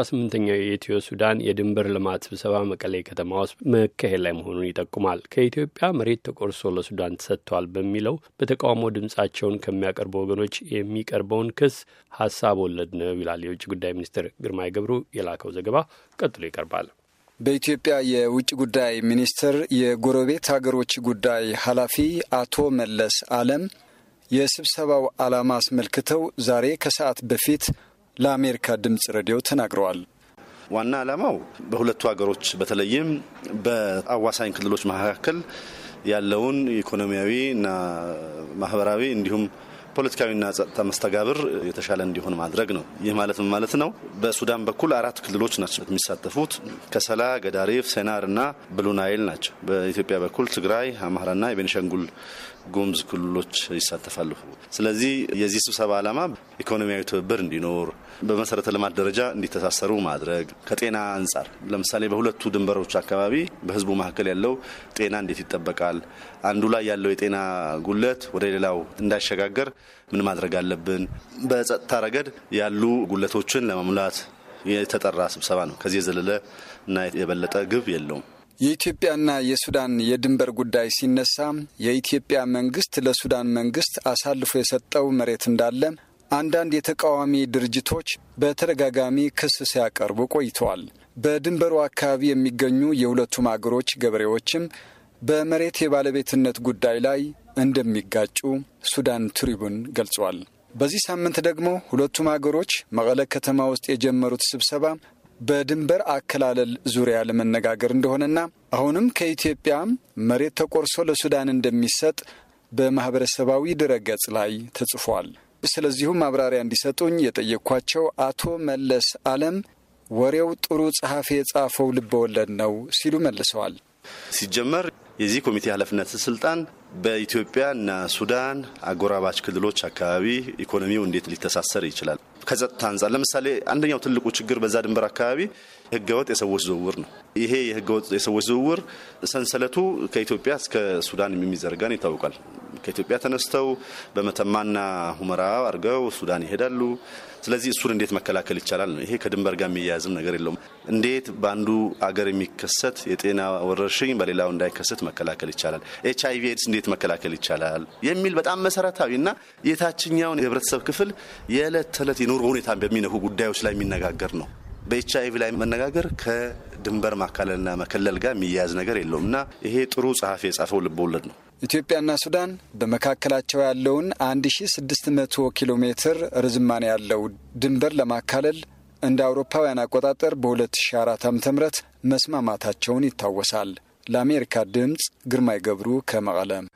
18ኛው የኢትዮ ሱዳን የድንበር ልማት ስብሰባ መቀሌ ከተማ ውስጥ መካሄድ ላይ መሆኑን ይጠቁማል። ከኢትዮጵያ መሬት ተቆርሶ ለሱዳን ተሰጥቷል በሚለው በተቃውሞ ድምጻቸውን ከሚያቀርቡ ወገኖች የሚቀርበውን ክስ ሀሳብ ወለድ ነው ይላል የውጭ ጉዳይ ሚኒስትር ግርማይ ገብሩ የላከው ዘገባ ቀጥሎ ይቀርባል። በኢትዮጵያ የውጭ ጉዳይ ሚኒስትር የጎረቤት ሀገሮች ጉዳይ ኃላፊ አቶ መለስ አለም የስብሰባው ዓላማ አስመልክተው ዛሬ ከሰዓት በፊት ለአሜሪካ ድምፅ ሬዲዮ ተናግረዋል። ዋና ዓላማው በሁለቱ ሀገሮች በተለይም በአዋሳኝ ክልሎች መካከል ያለውን ኢኮኖሚያዊና ማህበራዊ እንዲሁም ፖለቲካዊና ጸጥታ መስተጋብር የተሻለ እንዲሆን ማድረግ ነው። ይህ ማለት ምን ማለት ነው? በሱዳን በኩል አራት ክልሎች ናቸው የሚሳተፉት። ከሰላ፣ ገዳሪፍ፣ ሴናር ብሉ ብሉናይል ናቸው። በኢትዮጵያ በኩል ትግራይ፣ አማራና የቤኒሻንጉል ጉምዝ ክልሎች ይሳተፋሉ። ስለዚህ የዚህ ስብሰባ ዓላማ ኢኮኖሚያዊ ትብብር እንዲኖር በመሰረተ ልማት ደረጃ እንዲተሳሰሩ ማድረግ፣ ከጤና አንጻር ለምሳሌ በሁለቱ ድንበሮች አካባቢ በህዝቡ መካከል ያለው ጤና እንዴት ይጠበቃል፣ አንዱ ላይ ያለው የጤና ጉለት ወደ ሌላው እንዳይሸጋገር ምን ማድረግ አለብን፣ በጸጥታ ረገድ ያሉ ጉለቶችን ለመሙላት የተጠራ ስብሰባ ነው። ከዚህ የዘለለ እና የበለጠ ግብ የለውም። የኢትዮጵያና የሱዳን የድንበር ጉዳይ ሲነሳ የኢትዮጵያ መንግስት ለሱዳን መንግስት አሳልፎ የሰጠው መሬት እንዳለ አንዳንድ የተቃዋሚ ድርጅቶች በተደጋጋሚ ክስ ሲያቀርቡ ቆይተዋል። በድንበሩ አካባቢ የሚገኙ የሁለቱም አገሮች ገበሬዎችም በመሬት የባለቤትነት ጉዳይ ላይ እንደሚጋጩ ሱዳን ትሪቡን ገልጿል። በዚህ ሳምንት ደግሞ ሁለቱም አገሮች መቀለ ከተማ ውስጥ የጀመሩት ስብሰባ በድንበር አከላለል ዙሪያ ለመነጋገር እንደሆነና አሁንም ከኢትዮጵያ መሬት ተቆርሶ ለሱዳን እንደሚሰጥ በማኅበረሰባዊ ድረገጽ ላይ ተጽፏል። ስለዚሁ ማብራሪያ እንዲሰጡኝ የጠየቅኳቸው አቶ መለስ አለም ወሬው ጥሩ ጸሐፊ የጻፈው ልበወለድ ነው ሲሉ መልሰዋል። ሲጀመር የዚህ ኮሚቴ ኃላፊነት ስልጣን በኢትዮጵያና ሱዳን አጎራባች ክልሎች አካባቢ ኢኮኖሚው እንዴት ሊተሳሰር ይችላል፣ ከጸጥታ አንጻር ለምሳሌ አንደኛው ትልቁ ችግር በዛ ድንበር አካባቢ ህገወጥ የሰዎች ዝውውር ነው። ይሄ የህገወጥ የሰዎች ዝውውር ሰንሰለቱ ከኢትዮጵያ እስከ ሱዳን የሚዘረጋን ይታወቃል። ከኢትዮጵያ ተነስተው በመተማና ሁመራ አድርገው ሱዳን ይሄዳሉ። ስለዚህ እሱን እንዴት መከላከል ይቻላል ነው። ይሄ ከድንበር ጋር የሚያያዝም ነገር የለውም። እንዴት በአንዱ አገር የሚከሰት የጤና ወረርሽኝ በሌላው እንዳይከሰት መከላከል ይቻላል፣ ኤች አይቪ ኤድስ እንዴት መከላከል ይቻላል የሚል በጣም እና የታችኛውን የህብረተሰብ ክፍል የዕለት ተዕለት የኑሮ ሁኔታ በሚነኩ ጉዳዮች ላይ የሚነጋገር ነው። በኤች አይቪ ላይ መነጋገር ከድንበር ማካለልና መከለል ጋር የሚያያዝ ነገር የለውም እና ይሄ ጥሩ ጸሐፊ የጻፈው ልብወለድ ነው። ኢትዮጵያና ሱዳን በመካከላቸው ያለውን 1600 ኪሎ ሜትር ርዝማኔ ያለው ድንበር ለማካለል እንደ አውሮፓውያን አቆጣጠር በ2004 ዓ ም መስማማታቸውን ይታወሳል። ለአሜሪካ ድምፅ ግርማይ ገብሩ ከመቀለም